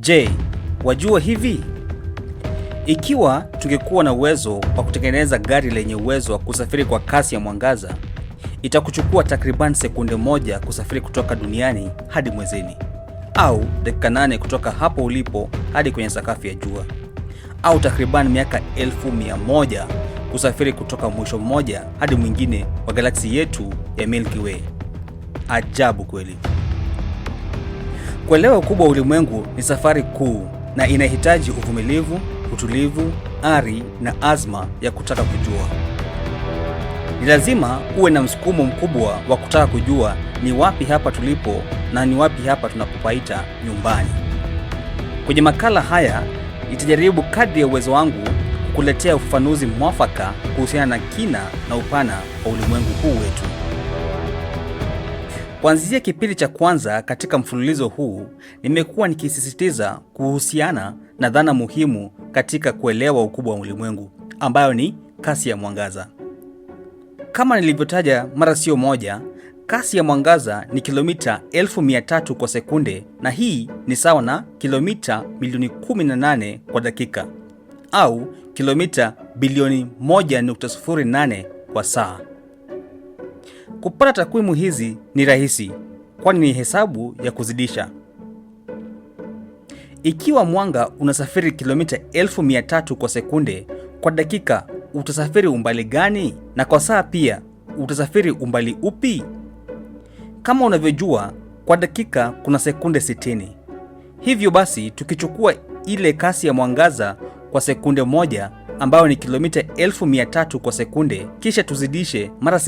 Je, wajua hivi? Ikiwa tungekuwa na uwezo wa kutengeneza gari lenye uwezo wa kusafiri kwa kasi ya mwangaza, itakuchukua takriban sekunde moja kusafiri kutoka duniani hadi mwezini, au dakika nane kutoka hapo ulipo hadi kwenye sakafu ya jua, au takriban miaka elfu mia moja kusafiri kutoka mwisho mmoja hadi mwingine wa galaksi yetu ya Milky Way. Ajabu kweli! Kuelewa ukubwa wa ulimwengu ni safari kuu na inahitaji uvumilivu, utulivu, ari na azma ya kutaka kujua. Ni lazima uwe na msukumo mkubwa wa kutaka kujua ni wapi hapa tulipo na ni wapi hapa tunapopaita nyumbani. Kwenye makala haya nitajaribu kadri ya uwezo wangu kukuletea ufafanuzi mwafaka kuhusiana na kina na upana wa ulimwengu huu wetu. Kuanzia kipindi cha kwanza katika mfululizo huu, nimekuwa nikisisitiza kuhusiana na dhana muhimu katika kuelewa ukubwa wa ulimwengu ambayo ni kasi ya mwangaza. Kama nilivyotaja mara sio moja, kasi ya mwangaza ni kilomita elfu mia tatu kwa sekunde, na hii ni sawa na kilomita milioni 18 kwa dakika au kilomita bilioni 1.08 kwa saa. Kupata takwimu hizi ni rahisi, kwani ni hesabu ya kuzidisha. Ikiwa mwanga unasafiri kilomita 3 kwa sekunde, kwa dakika utasafiri umbali gani? Na kwa saa pia utasafiri umbali upi? Kama unavyojua, kwa dakika kuna sekunde 60. Hivyo basi tukichukua ile kasi ya mwangaza kwa sekunde moja ambayo ni kilomita 3 kwa sekunde, kisha tuzidishe mara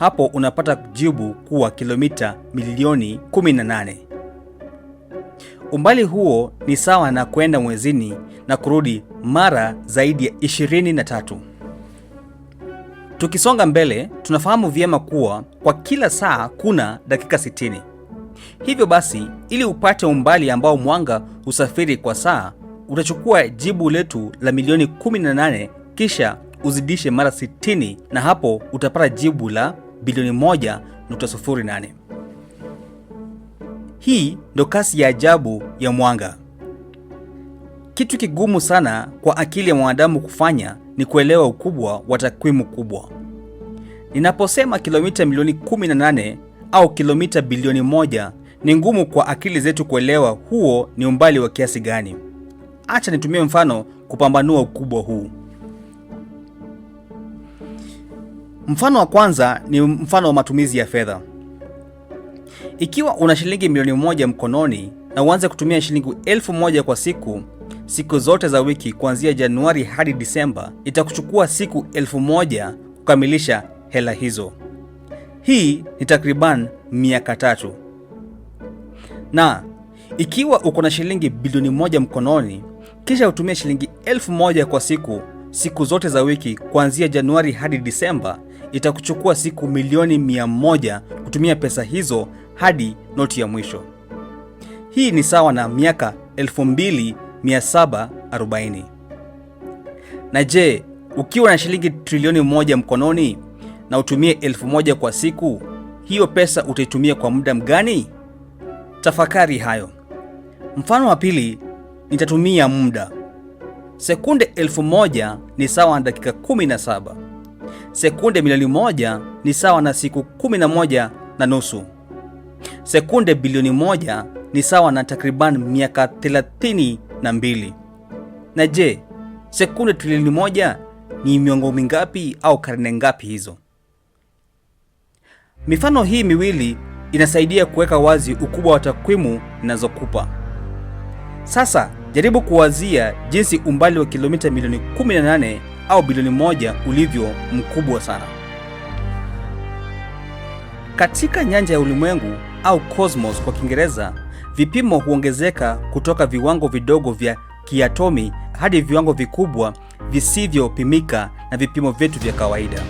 hapo unapata jibu kuwa kilomita milioni 18. Umbali huo ni sawa na kwenda mwezini na kurudi mara zaidi ya 23. Tukisonga mbele, tunafahamu vyema kuwa kwa kila saa kuna dakika 60. Hivyo basi, ili upate umbali ambao mwanga husafiri kwa saa, utachukua jibu letu la milioni 18 kisha uzidishe mara 60 na hapo utapata jibu la bilioni 1.08. Hii ndo kasi ya ajabu ya mwanga. Kitu kigumu sana kwa akili ya mwanadamu kufanya ni kuelewa ukubwa wa takwimu kubwa. Ninaposema kilomita milioni 18 au kilomita bilioni moja, ni ngumu kwa akili zetu kuelewa huo ni umbali wa kiasi gani. Acha nitumie mfano kupambanua ukubwa huu. Mfano wa kwanza ni mfano wa matumizi ya fedha. Ikiwa una shilingi milioni moja mkononi na uanze kutumia shilingi elfu moja kwa siku siku zote za wiki kuanzia Januari hadi Disemba, itakuchukua siku elfu moja kukamilisha hela hizo. Hii ni takriban miaka tatu. Na ikiwa uko na shilingi bilioni moja mkononi kisha utumie shilingi elfu moja kwa siku siku zote za wiki kuanzia Januari hadi Disemba, itakuchukua siku milioni mia moja kutumia pesa hizo hadi noti ya mwisho. Hii ni sawa na miaka 2740. Na je, ukiwa na shilingi trilioni moja mkononi na utumie elfu moja kwa siku, hiyo pesa utaitumia kwa muda mgani? Tafakari hayo. Mfano wa pili, nitatumia muda. Sekunde elfu moja ni sawa na dakika 17 sekunde milioni moja ni sawa na siku kumi na moja na nusu. Sekunde bilioni moja ni sawa na takriban miaka thelathini na mbili. Na je, sekunde trilioni moja ni miongo mingapi au karne ngapi hizo? Mifano hii miwili inasaidia kuweka wazi ukubwa wa takwimu ninazokupa. Sasa jaribu kuwazia jinsi umbali wa kilomita milioni 18 au bilioni moja ulivyo mkubwa sana. Katika nyanja ya ulimwengu au cosmos kwa Kiingereza, vipimo huongezeka kutoka viwango vidogo vya kiatomi hadi viwango vikubwa visivyopimika na vipimo vyetu vya kawaida.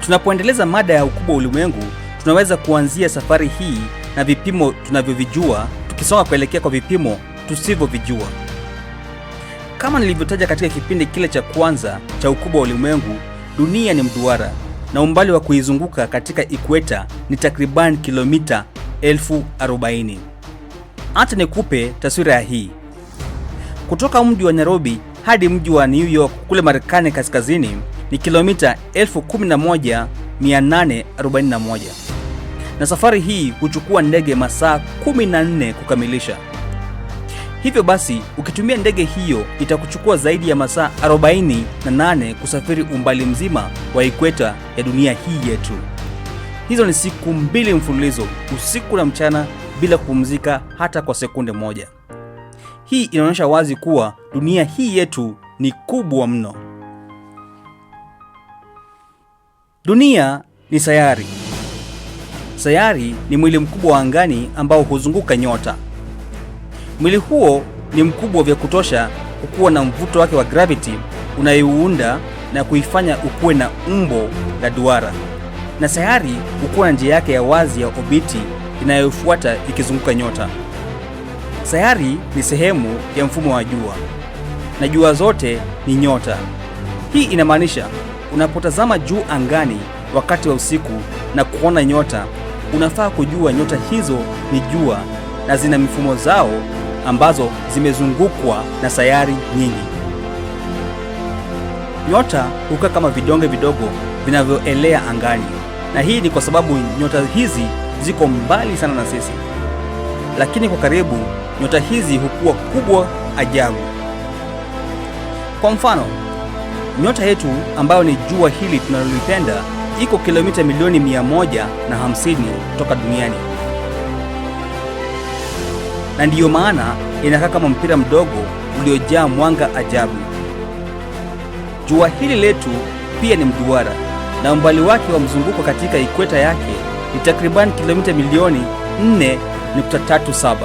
Tunapoendeleza mada ya ukubwa wa ulimwengu, tunaweza kuanzia safari hii na vipimo tunavyovijua tukisonga kuelekea kwa vipimo tusivyovijua. Kama nilivyotaja katika kipindi kile cha kwanza cha ukubwa wa ulimwengu, dunia ni mduara na umbali wa kuizunguka katika ikweta ni takriban kilomita elfu arobaini. nikupe taswira ya hii. Kutoka mji wa Nairobi hadi mji wa New York kule Marekani kaskazini ni kilomita 11841 na safari hii huchukua ndege masaa 14 kukamilisha. Hivyo basi ukitumia ndege hiyo itakuchukua zaidi ya masaa 48 kusafiri umbali mzima wa ikweta ya dunia hii yetu. Hizo ni siku mbili mfululizo, usiku na mchana, bila kupumzika hata kwa sekunde moja. Hii inaonyesha wazi kuwa dunia hii yetu ni kubwa mno. Dunia ni sayari. Sayari ni mwili mkubwa wa angani ambao huzunguka nyota. Mwili huo ni mkubwa vya kutosha kukuwa na mvuto wake wa gravity unayouunda na kuifanya ukuwe na umbo la duara, na sayari hukuwa na njia yake ya wazi ya obiti inayofuata ikizunguka nyota. Sayari ni sehemu ya mfumo wa jua na jua zote ni nyota. Hii inamaanisha unapotazama juu angani wakati wa usiku na kuona nyota, unafaa kujua nyota hizo ni jua na zina mifumo zao ambazo zimezungukwa na sayari nyingi. Nyota hukaa kama vidonge vidogo vinavyoelea angani, na hii ni kwa sababu nyota hizi ziko mbali sana na sisi, lakini kwa karibu nyota hizi hukuwa kubwa ajabu. Kwa mfano, nyota yetu ambayo ni jua hili tunalolipenda iko kilomita milioni 150 toka duniani na ndiyo maana inakaa kama mpira mdogo uliojaa mwanga ajabu. Jua hili letu pia ni mduara na umbali wake wa mzunguko katika ikweta yake ni takriban kilomita milioni 4.37.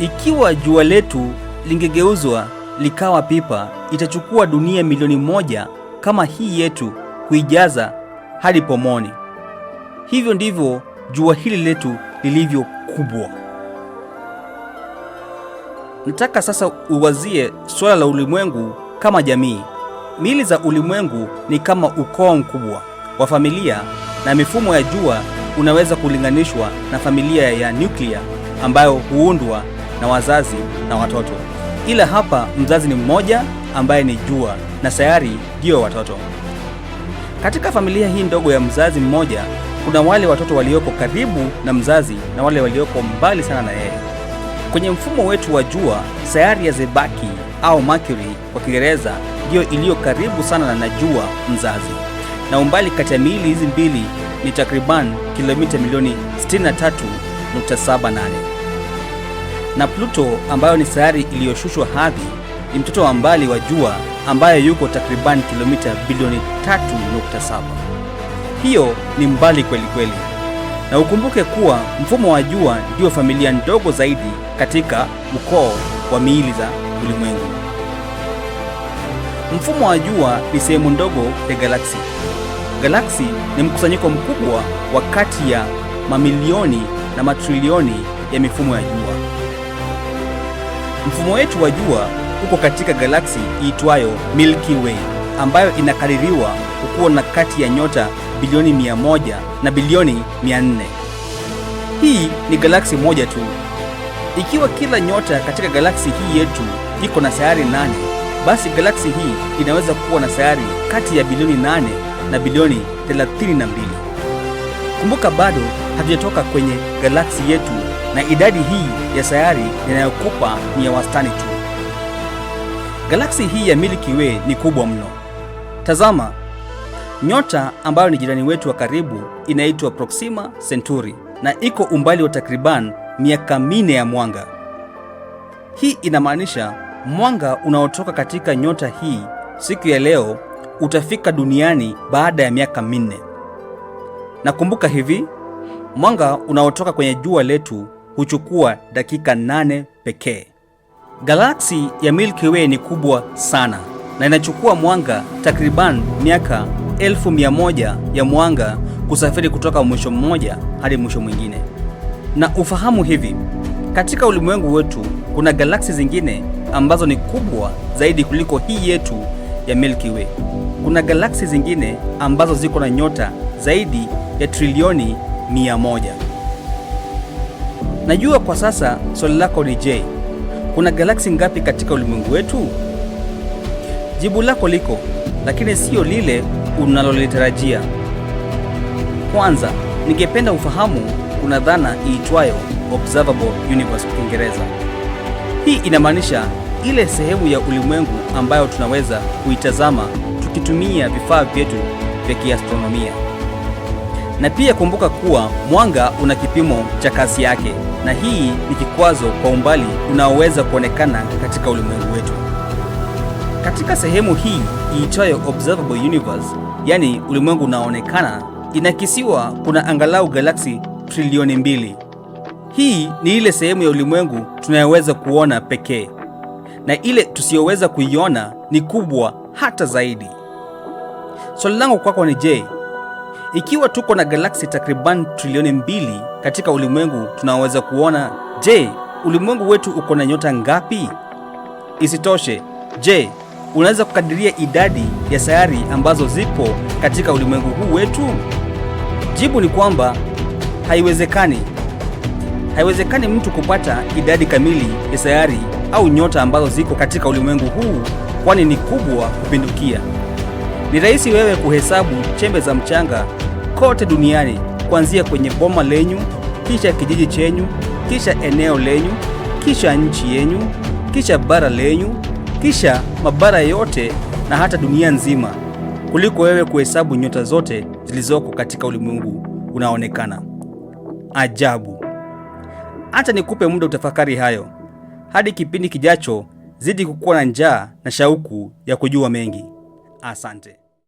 Ikiwa jua letu lingegeuzwa likawa pipa, itachukua dunia milioni moja kama hii yetu kuijaza hadi pomoni. Hivyo ndivyo jua hili letu lilivyo kubwa. Nataka sasa uwazie suala la ulimwengu kama jamii. Mili za ulimwengu ni kama ukoo mkubwa wa familia, na mifumo ya jua unaweza kulinganishwa na familia ya nuklia ambayo huundwa na wazazi na watoto, ila hapa mzazi ni mmoja ambaye ni jua na sayari ndiyo watoto. Katika familia hii ndogo ya mzazi mmoja, kuna wale watoto walioko karibu na mzazi na wale walioko mbali sana na yeye. Kwenye mfumo wetu wa jua, sayari ya Zebaki au Mercury kwa Kiingereza ndiyo iliyo karibu sana na jua mzazi, na umbali kati ya miili hizi mbili ni takriban kilomita milioni 63.78. Na Pluto ambayo ni sayari iliyoshushwa hadhi ni mtoto wa mbali wa jua ambayo yuko takriban kilomita bilioni 3.7. Hiyo ni mbali kweli kweli, na ukumbuke kuwa mfumo wa jua ndiyo familia ndogo zaidi katika ukoo wa miili za ulimwengu. Mfumo wa jua ni sehemu ndogo ya galaksi. Galaksi ni mkusanyiko mkubwa wa kati ya mamilioni na matrilioni ya mifumo ya jua. Mfumo wetu wa jua uko katika galaksi iitwayo Milky Way ambayo inakadiriwa kuwa na kati ya nyota bilioni 100 na bilioni 400. Hii ni galaksi moja tu ikiwa kila nyota katika galaksi hii yetu iko na sayari nane, basi galaksi hii inaweza kuwa na sayari kati ya bilioni nane na bilioni 32. Kumbuka bado hatujatoka kwenye galaksi yetu na idadi hii ya sayari inayokupa ni ya wastani tu. Galaksi hii ya Milky Way ni kubwa mno. Tazama, nyota ambayo ni jirani wetu wa karibu inaitwa Proxima Centauri na iko umbali wa takriban miaka mine ya mwanga. Hii inamaanisha mwanga unaotoka katika nyota hii siku ya leo utafika duniani baada ya miaka minne. nakumbuka hivi, mwanga unaotoka kwenye jua letu huchukua dakika nane pekee. Galaksi ya Milky Way ni kubwa sana na inachukua mwanga takriban miaka elfu mia moja ya mwanga kusafiri kutoka mwisho mmoja hadi mwisho mwingine na ufahamu hivi: katika ulimwengu wetu kuna galaksi zingine ambazo ni kubwa zaidi kuliko hii yetu ya Milky Way. Kuna galaksi zingine ambazo ziko na nyota zaidi ya trilioni mia moja. Najua kwa sasa swali lako ni je, kuna galaksi ngapi katika ulimwengu wetu? Jibu lako liko, lakini siyo lile unalolitarajia. Kwanza, ningependa ufahamu kuna dhana iitwayo observable universe kwa Kiingereza. Hii inamaanisha ile sehemu ya ulimwengu ambayo tunaweza kuitazama tukitumia vifaa vyetu vya kiastronomia. Na pia kumbuka kuwa mwanga una kipimo cha kasi yake, na hii ni kikwazo kwa umbali unaoweza kuonekana katika ulimwengu wetu. Katika sehemu hii iitwayo observable universe, yani ulimwengu unaoonekana, inakisiwa kuna angalau galaksi trilioni mbili. Hii ni ile sehemu ya ulimwengu tunayoweza kuona pekee, na ile tusiyoweza kuiona ni kubwa hata zaidi. Swali langu kwako ni je, ikiwa tuko na galaksi takriban trilioni mbili katika ulimwengu tunaoweza kuona, je, ulimwengu wetu uko na nyota ngapi? Isitoshe, je, unaweza kukadiria idadi ya sayari ambazo zipo katika ulimwengu huu wetu? Jibu ni kwamba Haiwezekani, haiwezekani mtu kupata idadi kamili ya sayari au nyota ambazo ziko katika ulimwengu huu, kwani ni kubwa kupindukia. Ni rahisi wewe kuhesabu chembe za mchanga kote duniani, kuanzia kwenye boma lenyu, kisha kijiji chenyu, kisha eneo lenyu, kisha nchi yenyu, kisha bara lenyu, kisha mabara yote na hata dunia nzima, kuliko wewe kuhesabu nyota zote zilizoko katika ulimwengu unaonekana ajabu. Acha nikupe muda utafakari hayo. Hadi kipindi kijacho, zidi kukuwa na njaa na shauku ya kujua mengi. Asante.